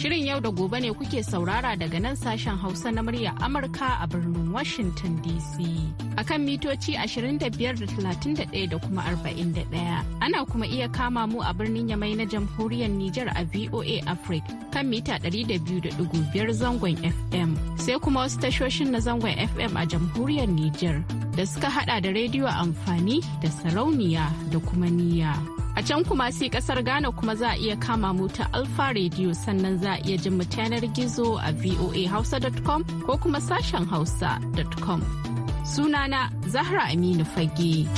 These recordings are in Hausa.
Shirin yau da gobe ne kuke saurara daga nan sashen Hausa na murya Amurka a birnin Washington DC. A kan mitoci 25.31 da kuma 41. Ana kuma iya kama mu a birnin Yamai na jamhuriyar Nijar a VOA Africa kan mita 200.5 zangon FM. Sai kuma wasu tashoshin na zangon FM a jamhuriyar Nijar da suka hada da rediyo amfani da sarauniya da kuma niyya. A can kuma sai kasar Ghana kuma za a iya kama mu ta Alfa Radio sannan za a iya jin mu ta yanar gizo a voahausa.com ko kuma sashen hausa.com. Sunana Zahra Aminu Fage.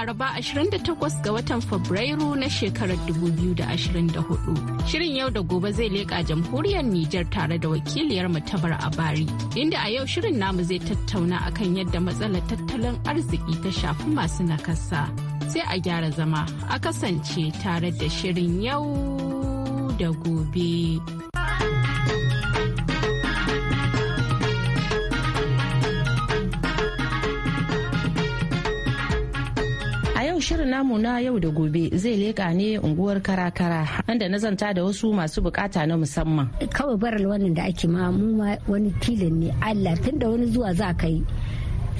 Laraba 28 ga watan Fabrairu na shekarar 2024. Shirin yau da gobe zai leƙa jamhuriyar Nijar tare da wakiliyar matabar a bari. Inda a yau shirin namu zai tattauna akan yadda matsalar tattalin arziki ta shafi masu nakasa. Sai a gyara zama a kasance tare da shirin yau da gobe. shirin namu na yau da gobe zai leƙa ne unguwar karakara inda na zanta da wasu masu bukata na musamman. Kawai baral wannan da ake ma mu wani tilin ne Allah tun da wani zuwa za ka yi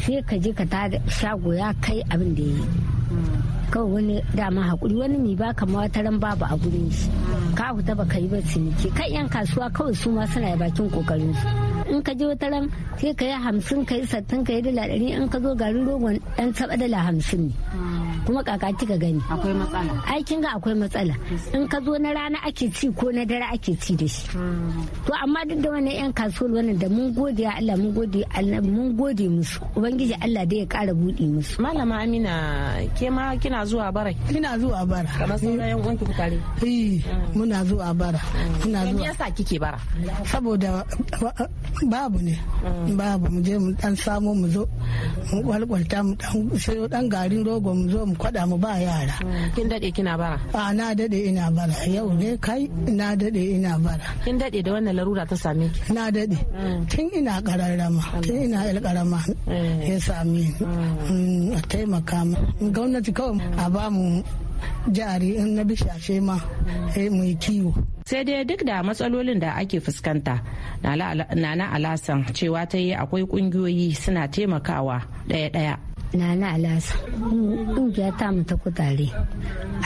sai ka je ka ta shago ya kai abin da ya yi. kawai wani dama hakuri wani mai baka ma wata ran babu a gurin shi ka ba baka yi ba ciniki kan yan kasuwa kawai su ma suna bakin kokarin su in ka je wata ran sai ka yi hamsin ka yi sattin ka yi dala ɗari in ka zo garin rogon ɗan taɓa dala hamsin ne kuma kaka kika gani akwai matsala ai kin ga akwai matsala in ka zo na rana ake ci ko na dare ake ci da shi to amma duk da wannan yan kasuwar wannan da mun gode Allah mun gode Allah mun gode musu ubangiji Allah da ya kara buɗe musu malama Amina ke ma kina zuwa bara kina zuwa bara kamar sauran yan uwanki ku tare eh muna zuwa bara muna zuwa me yasa kike bara saboda babu ne babu mu je mu dan samo mu zo mu kwalkwalta mu dan sai dan garin rogo mu zo zo mu kwada mu ba yara kin dade kina bara a na dade ina bara yau ne kai na dade ina bara kin dade da wannan larura ta same ki na dade mm. tun ina kararrama mm. tun ina yar karama mm. ya sami ni a taimaka ma. gwamnati kawai a ba mu jari in na bishashe ma eh, mu yi kiwo sai dai duk da matsalolin da ake fuskanta nana alasan cewa ta yi akwai kungiyoyi suna taimakawa ɗaya-ɗaya. na na alasa ƙungiya ta mu ta kutare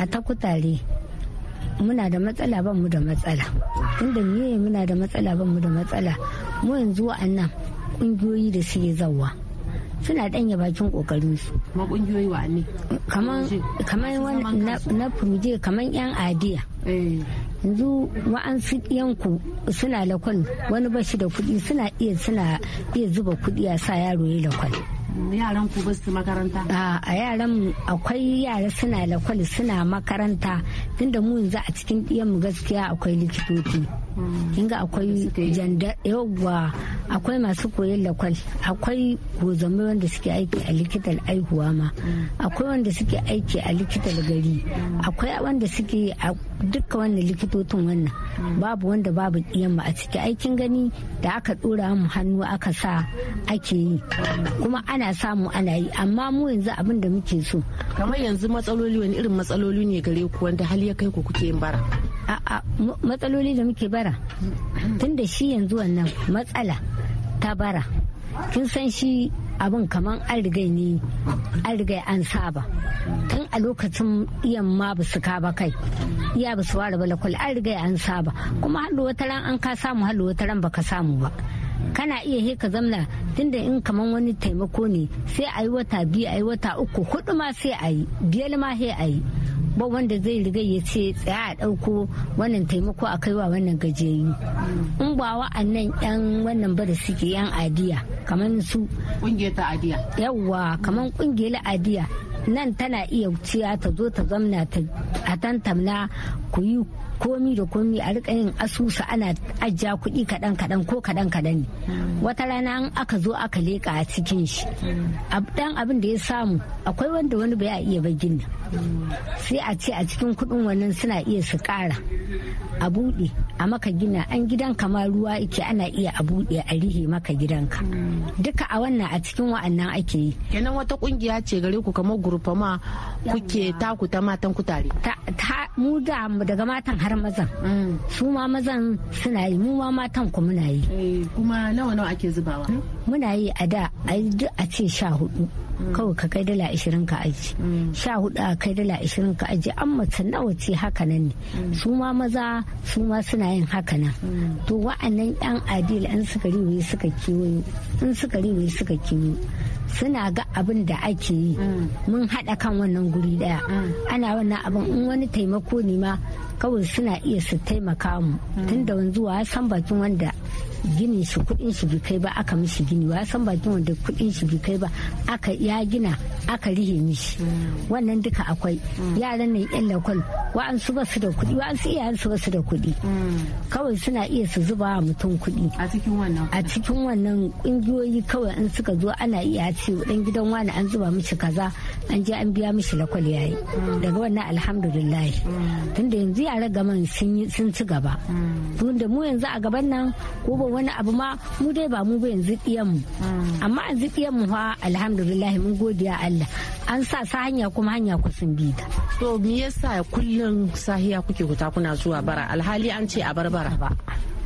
a ta kutare muna da matsala ban mu da matsala inda miye muna da matsala ban mu da matsala mu yanzu nan ƙungiyoyi da suke zawa suna danya bakin kokarin su kuma kungiyoyi wa ne kaman kaman na furuje kaman yan adiya eh. yanzu wa'ansu yanku suna lakwal wani bashi da kudi suna iya suna iya zuba kudi a sa yaro ya lakwal yaran ku basu makaranta a yaran akwai yara suna lakwal suna makaranta tunda mu yanzu a cikin ɗiyan mu gaskiya akwai likitoci kin akwai janda yawwa akwai masu koyon lakwal akwai gozambe wanda suke aiki a likitar aihuwa ma akwai wanda suke aiki a likitar gari akwai wanda suke a duka wannan likitotin wannan babu wanda babu yamma a ciki aikin gani da aka dora mu hannu aka sa ake yi kuma ana samu ana yi amma mu yanzu abin da muke so kamar yanzu matsaloli wani irin matsaloli ne gare ku wanda hali ya kai ku kuke yin bara a matsaloli da muke bara tun da shi yanzu wannan matsala ta bara kin san shi abin kaman an rigai ne an an saba tun a lokacin iyan ma ba su ba kai iya ba su ware balakul an rigai an saba kuma hallo wata ran an ka samu hallo wata ran baka samu ba kana iya he ka zamna tunda in kaman wani taimako ne sai a yi wata biyu a yi wata uku hudu ma sai a yi biyar ma sai a yi ba wanda zai riga ya ce tsaya a ɗauko wannan taimako a kaiwa wannan gajeyu in ba wa'annan yan wannan ba da suke yan adiya kamar su kungiyar ta adiya yawwa kamar kungiyar adiya nan tana iya wuciya ta zo ta zamna a tantamna ku yi komi da komi a rika yin asusu ana ajiya kuɗi kaɗan kaɗan ko kaɗan kaɗan ne wata rana an aka zo aka leƙa a cikin shi dan abin da ya samu akwai wanda wani bai iya ba ginin sai a ce a cikin kuɗin wannan suna iya su ƙara a buɗe a maka gina an gidan kamar ruwa ike ana iya a buɗe a rihe maka gidanka duka a wannan a cikin wa'annan ake yi kenan wata kungiya ce gare ku kamar gurfama kuke taku ta matan kutare mu da daga matan har mazan mm. su ma mazan suna yi mu ma matan ku muna yi eh, kuma nawa nawa ake zubawa hmm? muna yi a da a ce sha hudu mm. kawai ka kai dala ashirin ka aji mm. sha hudu a kai dala ashirin ka aji an mace nawa ce haka nan ne su ma maza su ma suna yin haka nan to wa'annan yan adil an suka riwaye suka kiwo in suka riwaye suka kiwo suna ga abin da ake yi mun haɗa kan wannan guri daya ana wannan abin in wani taimako ne ma kawai suna iya su taimaka mu tun da wanzu wa san bakin wanda ginin shi kudin shi bi kai ba aka mishi gini wa san bakin wanda kudin shi bi kai ba aka ya gina aka rihe mishi wannan duka akwai yaran ne yan lakwal wa'ansu ba su da kudi wa'ansu iyayen su ba su da kudi kawai suna iya su zuba wa mutum kudi a cikin wannan a cikin wannan kungiyoyi kawai in suka zo ana iya ce dan gidan wani an zuba mishi kaza an je an biya mishi lakwal yayi daga wannan alhamdulillah tunda yanzu yanzu yara gaman sun ci gaba mm. da mu yanzu a gaban nan ko ba wani abu ma mu dai ba mu ba yanzu mu mm. amma yanzu mu fa alhamdulillah mun godiya Allah an sa sa hanya kuma hanya ku sun bi ta to me yasa kullum sahiya kuke huta kuna zuwa bara alhali an ce a barbara ba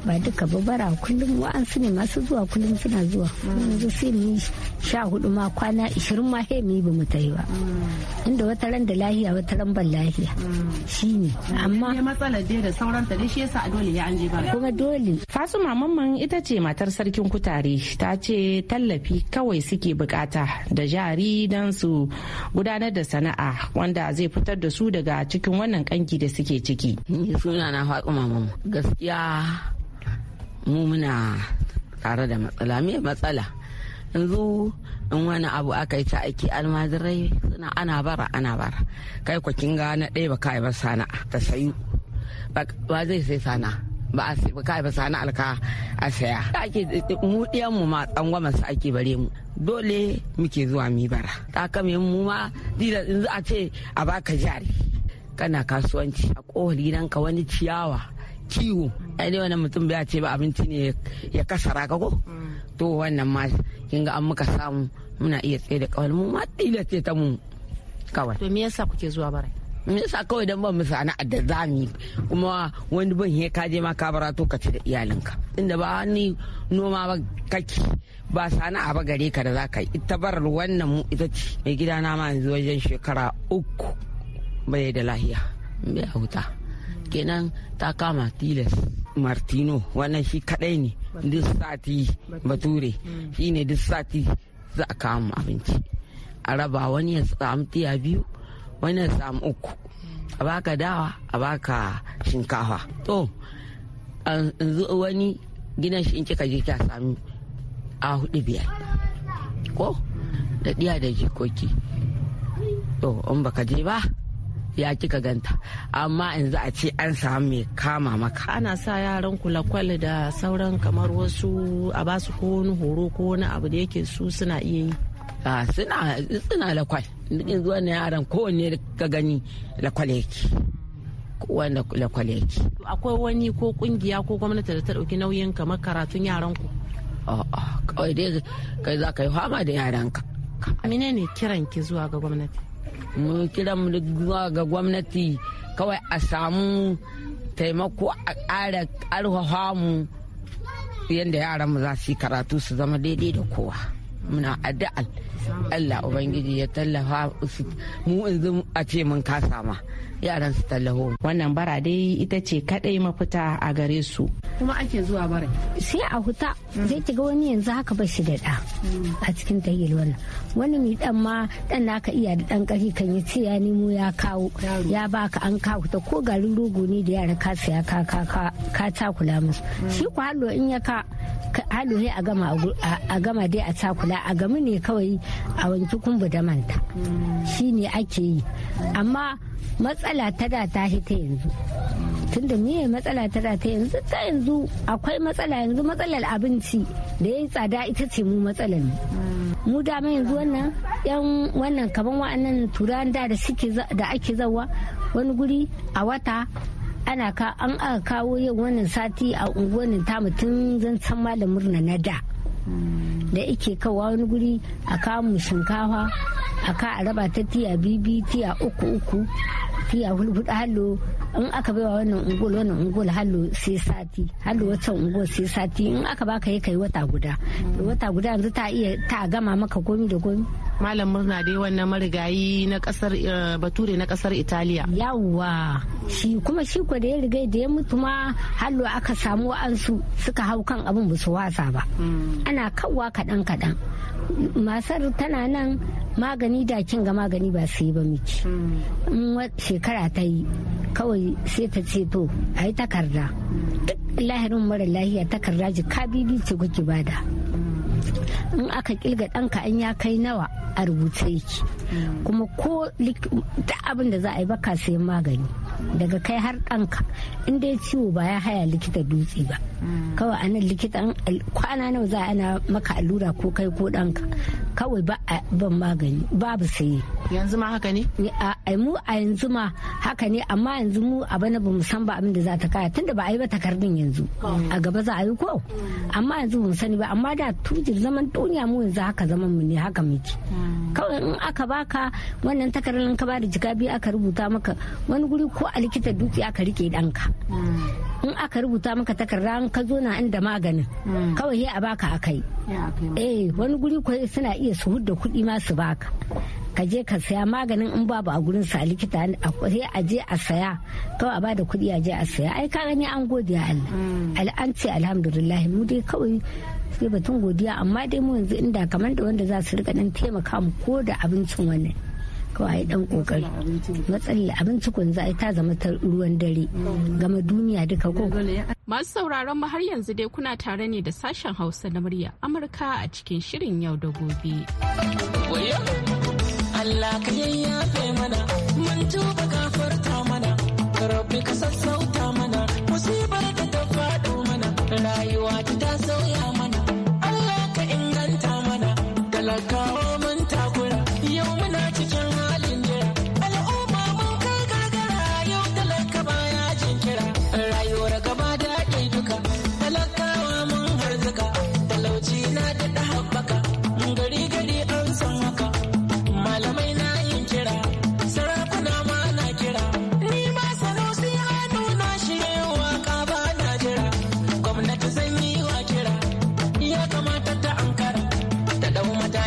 ba duka ba bara kullum wa'ansu ne masu zuwa kullum suna zuwa yanzu sai mu sha hudu ma kwana ishirin ma he mu ba mu ta yi ba inda wata ran da lahiya wata ran ban lahiya shine amma ne matsalar dai da sauran ta dai shi yasa a dole ya an je ba kuma dole fasu mamman ita ce matar sarkin kutare ta ce tallafi kawai suke bukata da jari don su gudanar da sana'a wanda zai fitar da su daga cikin wannan kanki da suke ciki. Ni suna na Fatima Gaskiya mu muna tare da matsala me matsala yanzu in wani abu aka yi ta aiki almajirai suna ana bara ana bara kai ku kinga na ɗaya ba kai ba sana'a ta sayu ba zai sai sana'a ba a ba kai ba sana alka a saya ake mu ɗiyan mu ma tsangwama su ake bare mu dole muke zuwa mi bara ta kame mu ma dila in za a ce a baka jari kana kasuwanci a kohali nan ka wani ciyawa Kiwo ai dai wannan mutum bai ce ba abinci ne ya kasa raka ko to wannan ma kin ga an muka samu muna iya tsaye da kawai mu ma dila ce ta mu kawai to me yasa kuke zuwa bare me yasa kawai dan ban mu ana da zami kuma wani ban he ka je ma ka barato ka ci da iyalinka inda ba ni noma ba kake ba sana'a ba gare ka da za ita bar wannan mu ita ce mai gidana ma yanzu wajen shekara uku bai da lahiya bai huta kenan ta kama tilas martino wannan shi kadai ne duk sati bature hmm. shi ne duk sati za a kama abinci a raba wani ya samu tiya biyu wani ya samu uku a baka dawa a baka shinkafa to yanzu wani gina shi in kika je kya samu a hudu biyar ko da diya da jikoki to in baka je ba ya kika ganta amma yanzu a ce an samu mai kama maka ana sa yaran lakwal da sauran kamar wasu a ba su ko wani horo ko wani abu da yake su suna iya yi ah, suna suna lakwal in zuwa na yaran kowanne ka gani lakwal yake wanda lakwal yake akwai wani ko kungiya ko gwamnati da ta dauki nauyin kamar karatun yaran ku a'a kawai dai kai za ka yi fama da yaran ka menene kiran ki zuwa ga gwamnati mu kiran mu ga gwamnati kawai a samu taimako a ƙara ƙarfafa mu yadda yaran mu za su yi karatu su zama daidai da kowa. muna addu'al Allah Ubangiji ya tallafa mu yanzu a ce mun kasa ma yaran su tallafo. Wannan bara dai ita ce kadai mafita a gare su. Kuma ake zuwa bara. Sai a huta zai kiga wani yanzu haka ba shi da da a cikin tahil wannan. Wani mai dan ma dan naka iya da dan ƙari kan yi ce ya nemo ya kawo ya baka an kawo ta ko garin rogo ne da yara ka saya ka ka ka kula musu. Shi ko hallo in ya ka hallo a gama a gama dai a ta kula. a gamu ne kawai a wanki kumbu da manta shi ne ake yi amma matsala ta da ta ta yanzu tunda me matsala ta da ta yanzu ta yanzu akwai matsala yanzu matsalar abinci da ya yi tsada ita ce mu matsalar mu dama yanzu wannan yan wannan kaman wa'annan turan da suke da ake zawa wani guri a wata ana ka an aka kawo yau wannan sati a unguwannin ta mutum zan san malam na da Mm. da ike kawo wani guri a kamun shinkafa a ka a raba ta tiya bibi tiya uku uku tiya hulhuda hallo in aka baiwa wannan ungul wannan ungul hallo sai sati hallo wancan ungul sai sati in aka baka yi kai wata guda mm. wata guda yanzu ta iya ta gama maka komi da komi malam murna dai wannan marigayi na kasar eh, bature na kasar italiya yawwa shi kuma shi ko da ya riga da ya mutu ma hallo aka samu wa'ansu suka hau kan abin ba su wasa ba mm. ana kawwa kaɗan kaɗan masar tana nan magani da kin ga magani ba su ba miki mm. in shekara ta yi kawai sai ta ce to a takarda duk lahirin mara lahiya takarda jika kabibi ce kuke bada mm. in aka kilga ɗanka an ya kai nawa a rubuce yake mm. kuma ko duk abin da za a yi baka sayan magani daga kai har ɗanka inda ya ciwo ba ya haya likita dutse ba mm. kawai anan likita kwana nawa za ana maka allura ko kai ko ɗanka kawai ba eh, ban magani babu saye yanzu ma haka ne a eh, mu a yanzu ma haka ne amma yanzu mu a bana bamu san ba abin da za ta kaya tunda ba a yi ba takardun yanzu hmm. a gaba za a yi ko hmm. amma yanzu bamu sani ba amma da tujir zaman duniya mu yanzu haka zaman mu ne haka miki kawai in aka baka wannan takardar ka bada jika biyu aka rubuta maka wani guri ko a likita dutse aka rike danka in aka rubuta maka takarda in ka zo na inda maganin hmm. kawai a baka akai eh wani guri ko suna iya su hudda kuɗi ma su baka ka je ka saya maganin in babu a gurin sa likita sai a je a saya kawai a bada kuɗi a je a saya ai ka gani an gode Allah hmm. an ce alhamdulillah mu dai kawai sai batun godiya amma dai mu yanzu inda kamar da wanda za su rika dan taimaka mu ko da abincin wannan kawai dan kokari matsalar abinci kun za ta zama ta ruwan dare gama duniya duka ko masu sauraron mu har yanzu dai kuna tare ne da sashen hausa na murya amurka a cikin shirin yau da gobe Allah ka yayyafe mana mun tuba gafarta mana rabbi ka sassauta mana musibar da ta faɗo mana rayuwa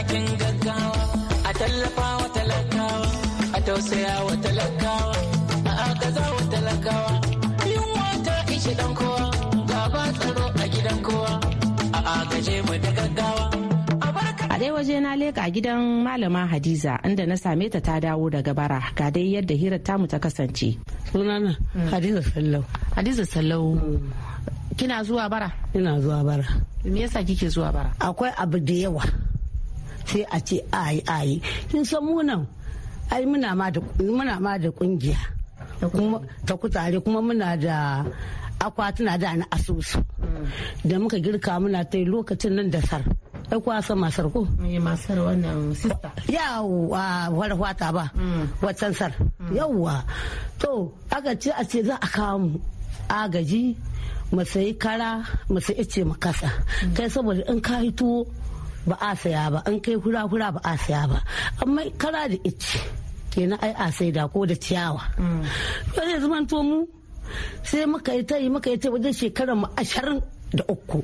matakin gaggawa a tallafa wa talakawa a tausaya wa talakawa a agaza wa talakawa yunwa ta ishe dan kowa gaba tsaro a gidan kowa a agaje mu da gaggawa a dai waje na leka gidan malama hadiza inda na same ta ta dawo daga bara ga dai yadda hirar tamu ta kasance sunana mm. hadiza sallau hadiza sallau mm. kina zuwa bara ina zuwa bara me yasa kike zuwa bara akwai abu da yawa sai a ce ayi ayi kin san munan ai muna ma da muna ma da kungiya ta kutare kuma muna da akwatuna da na asusu mm. da muka girka muna ta lokacin nan da sar ai kuwa san masar ko masar wannan sista Wala warwata ba mm. watan sar mm. yawa to aka ce a ce za a kawo mu agaji mu sayi kara mu sayi ce mu kasa kai saboda in ka tuwo ba a saya ba an kai hura hura ba a saya ba amma kara da ice kenan ai a saida ko da ciyawa mm. to zai zama to mu sai muka yi ta yi muka yi ta wajen shekarar mu ashirin da uku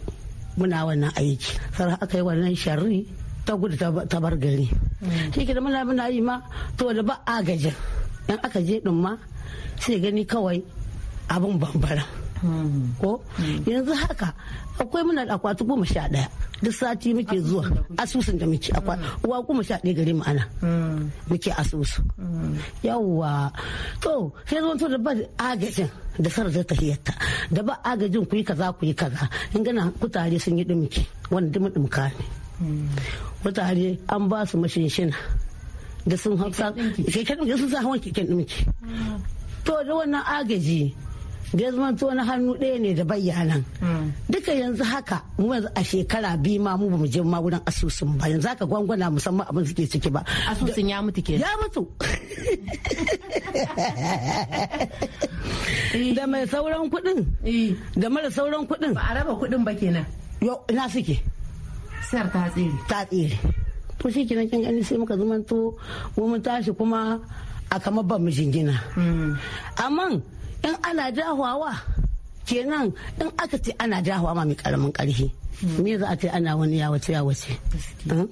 muna wannan aiki sai aka yi wannan sharri ta gudu ta bar gari mm. shi ke da muna muna yi ma to da ba agajin in aka je din ma sai gani kawai abin bambara ko yanzu haka akwai muna da akwati goma sha daya duk sati muke zuwa asusun da muke akwati uwa goma sha daya gari mu ana muke asusu yawwa to sai zuwa to da ba agajin da sarar da tahiyarta da ba agajin ku yi kaza ku yi kaza in gana kutare sun yi dumki wanda dumi dumka ne kutare an ba su mashinshina da sun hausa keken sun sa hawan keken dumki to da wannan agaji bai ya zamanto na hannu ɗaya ne da bayyanan hmm. duka yanzu haka mu yanzu a shekara biyu ma mu bamu je ma wurin asusun ba yanzu haka gwangwana musamman abin suke ciki ba asusun ya mutu ke ya mutu eh. da mai sauran kuɗin eh. da mara sauran kuɗin ba a raba kuɗin ba kenan yo ina suke sar ta tsere ta tsere to shi kenan kin gani sai muka zamanto mu mun tashi kuma a kama ba mu jingina hmm. amma in ana dahuwa kenan in aka ce ana dahuwa ma mai karamin karfi hmm. me za a ce ana wani ya wace ya wace hmm?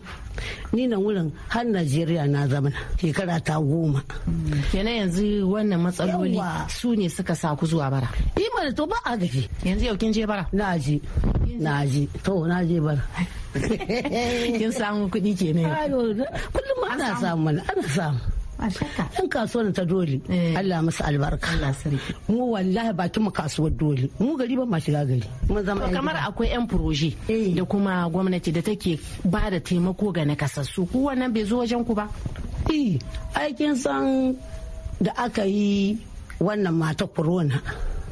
ni nan wurin har najeriya na zama shekara ta goma hmm. kenan yanzu wannan matsaloli su ne suka sa ku zuwa bara ima to ba a gaji yanzu yau kin je bara na ji na ji to na je bara kin samu kuɗi kenan kullum ana samu ana samu yan kasuwar ta dole eh. Allah masu albarka mu wallahi bakin mu kasuwar dole mu gari ba ma shiga gari mun kamar akwai yan proje eh. da kuma gwamnati da take ba da taimako ga nakasassu ku wannan bai zo wajen ku ba e eh, aikin san da aka yi wannan mata corona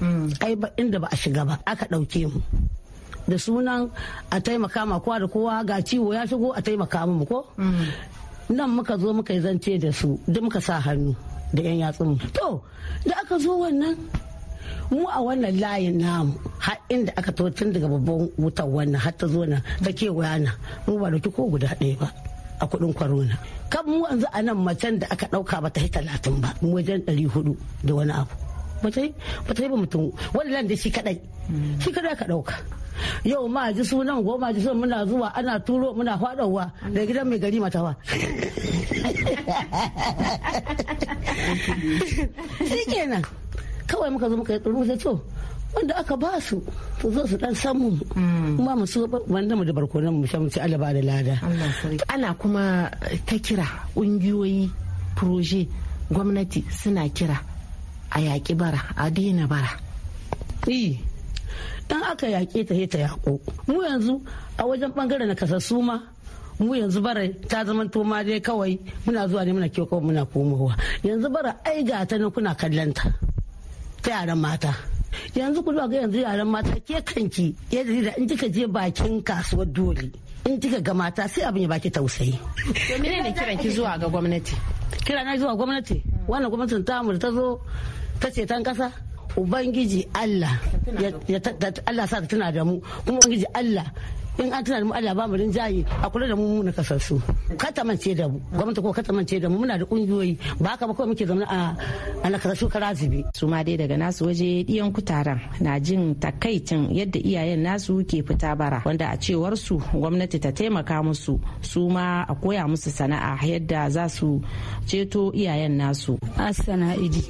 hmm. ai ba inda ba a shiga ba aka ɗauke mu da sunan a taimaka ma kowa da kowa ga ciwo ya shigo a taimaka mu ko hmm. nan muka zo muka yi zance da su da muka sa hannu da 'yan yatsun to da aka zo wannan mu a wannan layin namu har inda aka to tun daga babban wutar wannan har ta zo na ta kewaya wayana mu ba dauki ko guda ɗaya ba a kudin kwarona kan mu yanzu a nan macen da aka dauka ba ta yi talatin ba wajen ɗari hudu da wani abu ba ta yi ba mutum wannan da shi kadai shi kadai aka dauka yau ma ji sunan goma ji sunan muna zuwa ana turo muna faɗowa da gidan mai gari matawa shi kenan kawai muka zo muka yi tsoro sai to wanda aka ba su to zo su dan samu mm. kuma mu so wanda mu da barkonan mu shamci alaba da lada ana kuma ta kira ƙungiyoyi proje gwamnati suna kira a yaƙi bara a daina bara dan aka yaƙe ta ta yaƙo mu yanzu a wajen bangaren na kasassu ma mu yanzu bara ta zama to ma dai kawai muna zuwa ne muna kiwo kawai muna komowa yanzu bara ai ga ta nan kuna kallon ta ta yaran mata yanzu ku ga yanzu yaran mata ke kanki yadda da in kika je bakin kasuwar dole in kika ga mata sai abin ya baki tausayi to ne kiran ki zuwa ga gwamnati kira na zuwa gwamnati wannan gwamnatin tamu ta zo ta ce tan kasa ubangiji Allah ya Allah sa ta tuna da mu kuma ubangiji Allah in an tunanin mu Allah ba mu rinjaye a kula da mu mu na kasassu kata da mu gwamnati ko katamance da mu muna da kungiyoyi ba haka ba kawai muke zama a na ka karazibi su ma dai daga nasu waje diyan kutaran na jin takaicin yadda iyayen nasu ke fita bara wanda a cewar su gwamnati ta taimaka musu su ma a koya musu sana'a yadda za su ceto iyayen nasu asana idi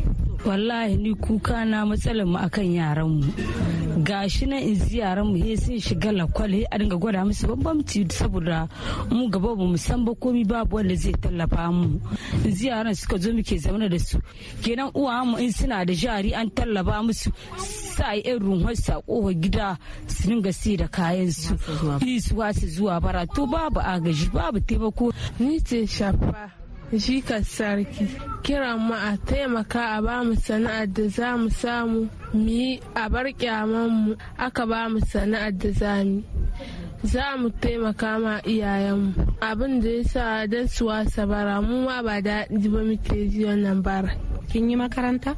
wallahi ni kuka na matsalar mu akan yaran mu gashi na in yaran mu sun shiga lakwal a dinga gwada musu bambamci saboda mu gaba ba mu san ba komi babu wanda zai tallafa mu ziyaran suka zo muke zaune da su kenan uwa mu in suna da jari an tallafa musu sa yin sa sako gida su dinga sai da kayan su su wasu zuwa bara to babu agaji babu taimako ni ce shafa jikar sarki kira mu a taimaka a ba mu sana'ar da za mu samu mu yi a bar mu aka ba mu sana'ar da za mu za mu taimaka ma iyayenmu abin da ya sa don su wasa bara mu ma ba da ba muke ji wannan bara kin yi makaranta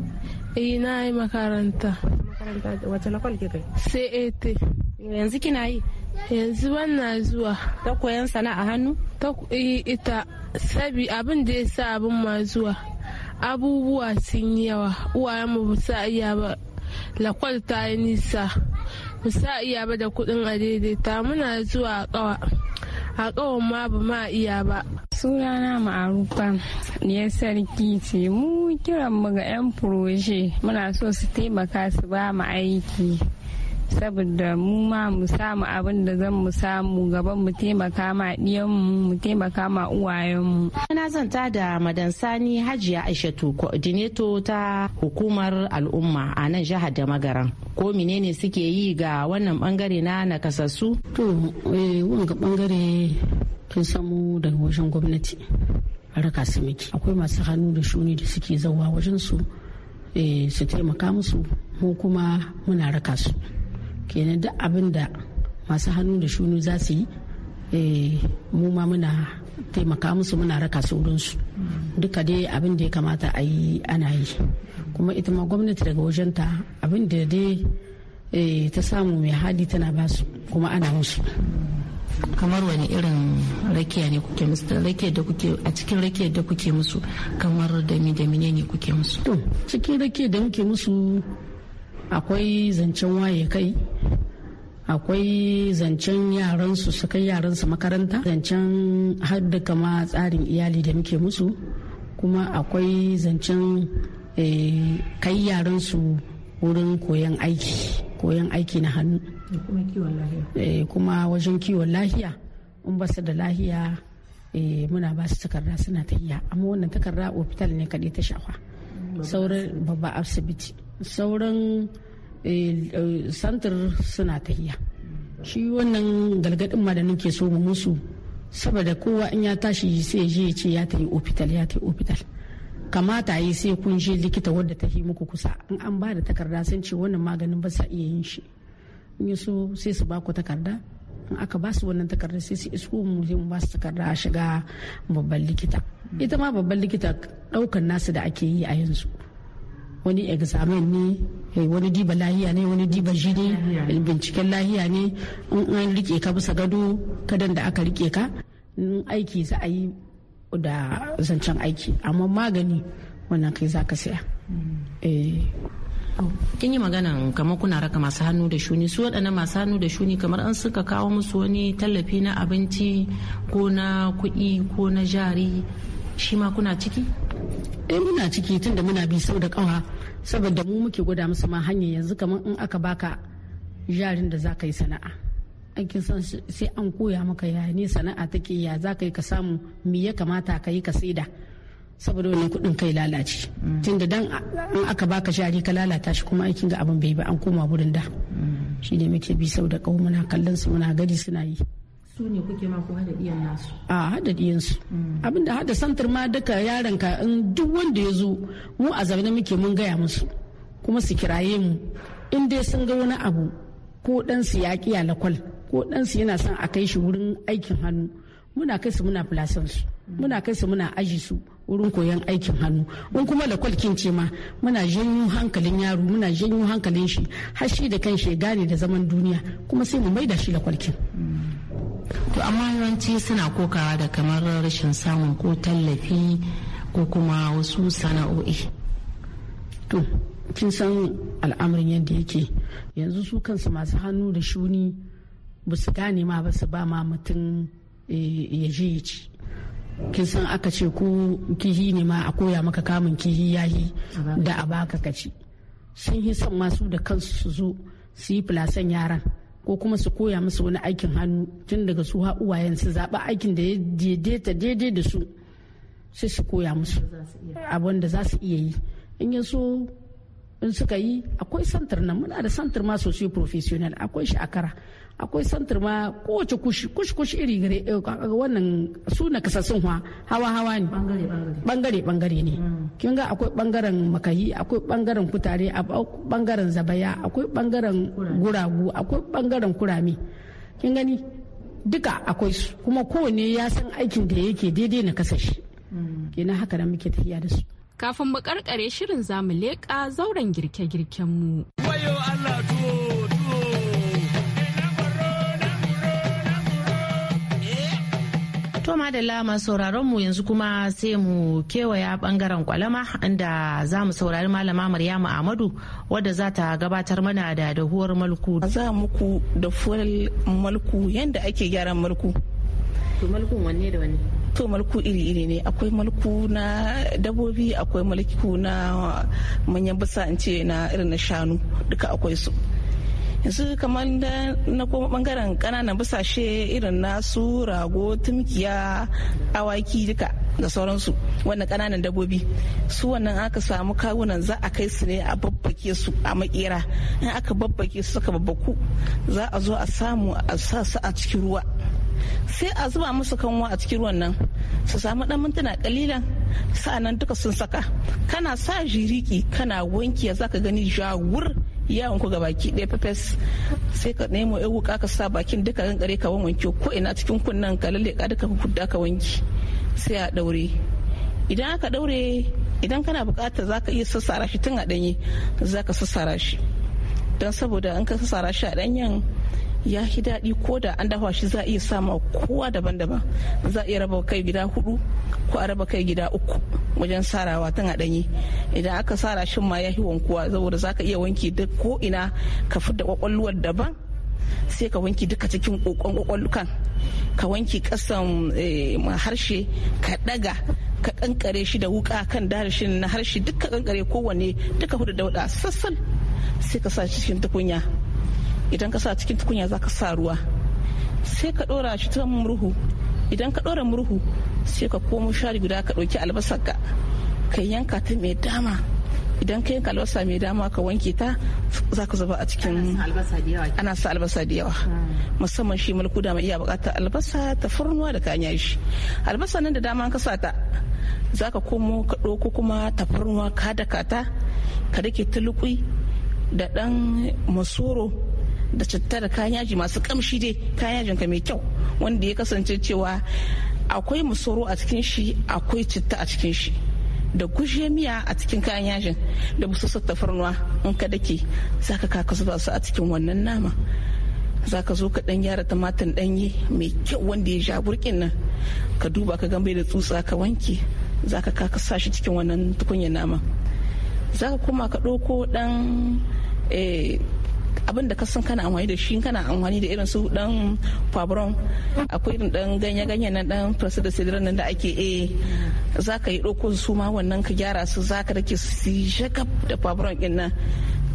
eh na yi makaranta makaranta wata na kwalke kai cat yanzu kina yi yanzu wannan zuwa ta koyan sana'a hannu ta eh, ita sabi abin da ya sa abin ma zuwa abubuwa sun yawa uwayen mu ba sa iya ba lakwal ta yi nisa ku sa iya ba da kuɗin a daidaita muna zuwa kawa a ƙawan ma ba ma iya ba sunana ma'arufa ne sarki ce mu kiran mu ga 'yan furoshe muna so su taimaka su ba mu aiki saboda mu ma mu samu abin da zan mu samu gaban mu taimaka ma ɗiyanmu mu taimaka ma uwayenmu. Na zanta da madan Sani Hajiya Aishatu coordinator ta hukumar al'umma a nan jihar da magaran. Ko menene suke yi ga wannan bangare na nakasassu? To, eh, wanga bangare kin samu daga wajen gwamnati a raka su miki. Akwai masu hannu da shuni da suke zauwa wajen su eh, su taimaka musu mu kuma muna raka su. kenan duk abin da masu hannu da shunu za su yi eh, mu ma muna taimaka musu muna raka su su duka dai abin da ya kamata a yi ana yi kuma ita ma gwamnati daga wajenta abin da dai eh, ta samu mai hadi tana basu kuma ana musu kamar wani irin rakiya ne kuke musu da da kuke a cikin rakiya da kuke musu kamar dami dami ne kuke musu cikin rakiya da muke musu akwai zancen waye kai akwai zancen yaran su su kai yaran su makaranta zancen hadda kama tsarin iyali da muke musu kuma akwai zancen eh, kai yaran su wurin koyan aiki koyan aiki na hannu eh, kuma wajen kiwon lahiya in ba da lahiya eh, muna ba su takarda suna ta iya amma wannan takarda ofital ne kaɗai ta shafa sauran babba asibiti sauran eh, santar suna tahiya shi wannan galgadin ma da nake so mu musu saboda kowa in ya tashi sai je ya ce ya ta yi ofital ya ta yi ofital kamata yi sai kun je likita wadda ta muku kusa in an ba da takarda sun ce wannan maganin ba sa iya yin shi in so sai su ba ku takarda in aka ba su wannan takarda sai su isko mu sai mu ba su takarda a shiga babban likita ita ma babban likita daukan nasu da ake yi a yanzu wani examen ne eh, wani diba lahiya ne wani diba jini eh, binciken lahiya ne in an rike ka bisa gado kadan da aka rike ka aiki za a yi da zancen aiki amma magani wannan kai za ka saya mm. eh. kin yi magana kamar kuna raka masu hannu da shuni su waɗannan masu hannu da shuni kamar an suka kawo musu wani tallafi na abinci ko na kuɗi ko na jari shi ma kuna ciki eh muna ciki tun da muna bi sau da kawa saboda mu muke gwada musu ma hanyar yanzu kamar in aka baka yarin da za ka yi sana'a aikin san sai an koya maka ya ne sana'a take ya za ka yi ka samu me ya kamata ka yi ka saida saboda wannan kuɗin kai lalace mm. tun da dan in aka baka jari ka lalata shi kuma aikin ga abin bai ba an koma wurin da mm. shi ne muke bi sau da kawo muna kallon su muna gari suna yi su ne kuke ma ko hada nasu a hada su mm. abinda hada santar ma duka yaron ka in duk wanda ya zo mu a zaune muke mun gaya musu kuma su kiraye mu in dai sun ga wani abu ko su ya kiya lakwal ko su yana son a kai shi wurin aikin hannu muna kai su muna filasan su mm. muna kai su muna aji su wurin koyan aikin hannu in kuma da kwalkin ce ma muna janyo hankalin yaro muna janyo hankalin shi har shi da kan shi gane da zaman duniya kuma sai mu maida shi da kwalkin mm. to amma yawanci suna kokawa da kamar rashin samun ko tallafi ko kuma wasu sana'o'i to kin san al'amarin yadda yake yanzu su kansu masu hannu da shuni ba su gane ma ba su ba ma mutum eh, ya je ya ci kin san aka ce ko kihi ne ma a koya maka kamun kihi yayi da a baka ka ci sun yi son masu da kansu su zo su yi filasan yaran ko kuma su koya musu wani aikin hannu tun daga su uwayen su zaɓa aikin da ya daidaita daidai da su sai su koya musu abin da za su iya yi in yi so in suka yi akwai santar nan muna da santar ma sosai professional akwai shi a kara akwai santar ma kowace kush-kush iri gare eh, wannan su na kasassun hawa-hawa ne bangare-bangare ne hmm. kin ga akwai bangaren makahi akwai bangaren kutare akwai bangaren zabaya akwai bangaren guragu akwai bangaren kurami kin gani duka akwai su kuma kowane ya san aikin da yake daidai na kasashe hmm. kenan haka da muke tafiya da su kafin mu karkare shirin zamu leka zauren girke-girken mu wayo Allah tuwo To madalla masu sauraron mu yanzu kuma sai mu kewaya bangaren kwalama inda za mu saurari malama Maryamu amadu wadda za ta gabatar mana da dahuwar malku. Za muku da fuwar malku yadda ake gyaran malku. To malkun wanne da wanne? to malku iri-iri ne akwai malku na dabobi akwai malku na manyan bisa in ce na irin na shanu duka akwai su yanzu kamar na koma bangaren kananan busashe irin nasu rago tumkiya awaki duka da sauransu wannan kananan dabbobi su wannan aka samu kawunan za a kai su ne a babbake su a makera in aka babbake su suka babbaku za a zo a samu a sa su a cikin ruwa sai a zuba musu kanwa a cikin ruwan nan su samu dan mintuna kalilan sa'annan duka sun saka kana sa jiriki kana wanki ya zaka gani jawur yawon ku baki ɗaya fefes sai ka nemo yan wuka ka sa bakin duka gangare ka wanke ko ina cikin kunnen ka lalle ka duka kudda ka wanke sai a daure idan aka daure idan kana bukata za ka iya sassara shi tun a ɗanye za ka sassara shi don saboda an ka sassara shi a ɗanyen ya fi daɗi ko da an dafa shi za a iya sama kowa daban-daban za a iya raba kai gida hudu ko a raba kai gida uku wajen sarawa tana ɗanyi idan aka sara shin ma ya fi wankuwa saboda za ka iya wanki duk ko ina ka da kwakwalwar daban sai ka wanki duka cikin kokon kwakwallukan ka wanki kasan eh, harshe ka daga ka kankare shi da wuka kan darshin na harshe duka kankare kowanne duka hudu dauda sassan sai ka sa cikin tukunya idan ka sa cikin tukunya za ka sa ruwa sai ka ɗora shi ta murhu idan ka ɗora murhu sai ka komo shari guda ka ɗauki albasar ka ka yanka ta mai dama idan ka yanka albasa mai dama ka wanke ta za ka zuba a cikin ana sa albasa da yawa hmm. musamman shi mulku da iya bukatar albasa ta farnuwa da kanya shi albasa nan da dama ka sa ta za ka komo ka ɗauko kuma ta farnuwa ka daka ta ka dake ta da ɗan masoro da citta da kayan yaji masu kamshi dai kayan yajin ka mai kyau wanda ya kasance cewa akwai musoro a cikin shi akwai citta a cikin shi da kushe miya a cikin kayan yajin da musu tafarnuwa in ka dake zaka ka zuba su a cikin wannan nama za ka zo ka dan gyara tumatir danye mai kyau wanda ya sha burkin nan ka duba ka gambe da tsutsa ka wanke za ka ka sa shi cikin wannan tukunyar nama za ka koma ka ɗauko ɗan eh, abin da ka san kana amfani da shi kana amfani da irin su dan fabron akwai irin dan ganye-ganye na dan da sidiran nan da ake a eh, za ka yi ɗauko su ma wannan ka gyara su za ka dake su shakaf da fabron ɗin nan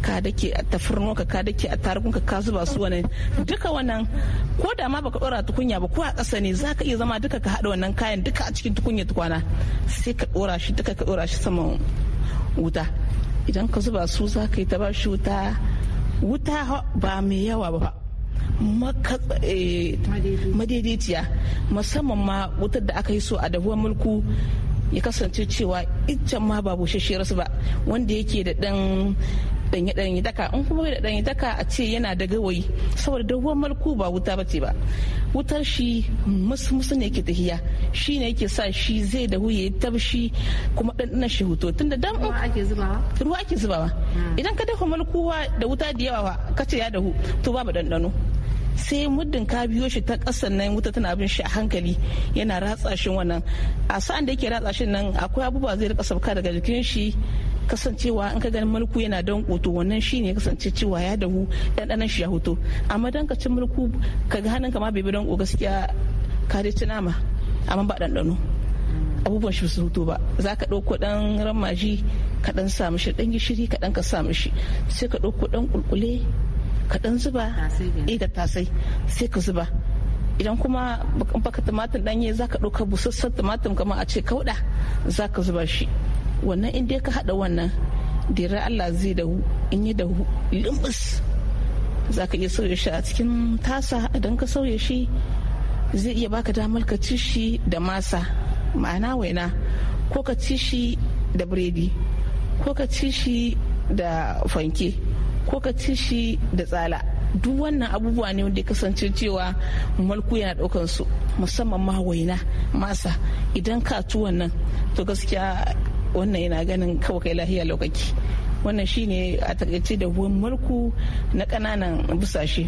ka dake a tafirno ka dake a tarukunka ka zuba su wannan duka wannan ko da ma baka dora tukunya ba ko a ƙasa ne za ka iya zama duka ka haɗa wannan kayan duka a cikin tukunya tukwana sai ka dora shi duka ka dora shi saman wuta idan ka zuba su za ka yi ta ba shi wuta wuta ba mai yawa ba eh, madaidaiciya musamman ma wutar da aka yi so a dahuwar mulku ya kasance cewa iccen ma ba bushasshiyarsu ba wanda yake da dan danyi danyi daka in kuma da danyi daka a ce yana da gawayi saboda dawwar malku ba wuta bace ba wutar shi musu musu ne ke tahiya shi ne yake sa shi zai da huye tabshi kuma ɗanɗanan shi hoto tunda dan ruwa ake zubawa ruwa ake zubawa hmm. idan ka dafa malku da wuta da yawa ka ce ya dahu to babu dandano sai muddin ka biyo shi ta kasan nan wuta tana bin shi a hankali yana ratsa shi wannan a sa'an da yake ratsa shi nan akwai abubuwa zai rika sauka daga jikin shi kasancewa in ka gani mulku yana don koto wannan shi ne kasance cewa ya dahu ɗanɗanan shi ya hoto amma don ka ci mulku ka ga hannun ma bai bi don gaskiya ka dai ci nama amma ba ɗanɗano abubuwan shi su hoto ba za ka ɗauko ɗan ramaji ka ɗan sa mishi ɗan gishiri ka ɗan ka sa mishi sai ka ɗauko ɗan ƙulƙule ka ɗan zuba eh da tasai sai ka zuba idan kuma baka tumatir ɗanye za ka ɗauka busassan tumatir kamar a ce kauɗa za ka zuba shi wannan in dai ka hada wannan dira Allah zai da in yi da limbus za ka iya sauya shi a cikin tasa idan ka sauya shi zai iya baka damar ka ci shi da masa ma'ana waina ko ka ci shi da biredi ko ka ci shi da fanke ko ka ci shi da tsala duk wannan abubuwa ne wanda ya kasance cewa mulku yana daukan su musamman ma waina masa idan ka ci wannan to gaskiya wannan yana ganin kawai kai lahiya lokaci wannan shine a takaice da mulku na ƙananan busashe.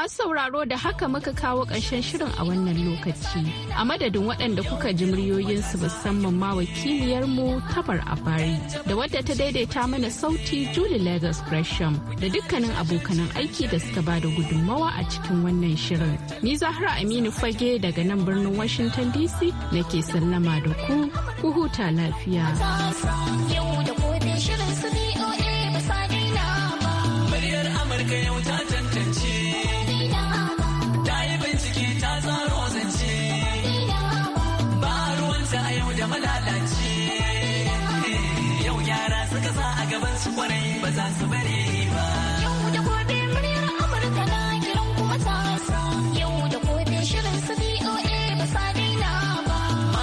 masu sauraro da haka muka kawo ƙarshen shirin a wannan lokaci. A madadin waɗanda kuka ji muryoyinsu musamman ma wakiliyarmu tabar abari da wadda ta daidaita mana sauti juli Lagos Gresham da dukkanin abokanan aiki da suka ba da gudunmawa a cikin wannan shirin. Ni Zahra Aminu Fage daga nan birnin Washington DC nake sallama da ku, ku huta lafiya. Yau da shirin was I so ready?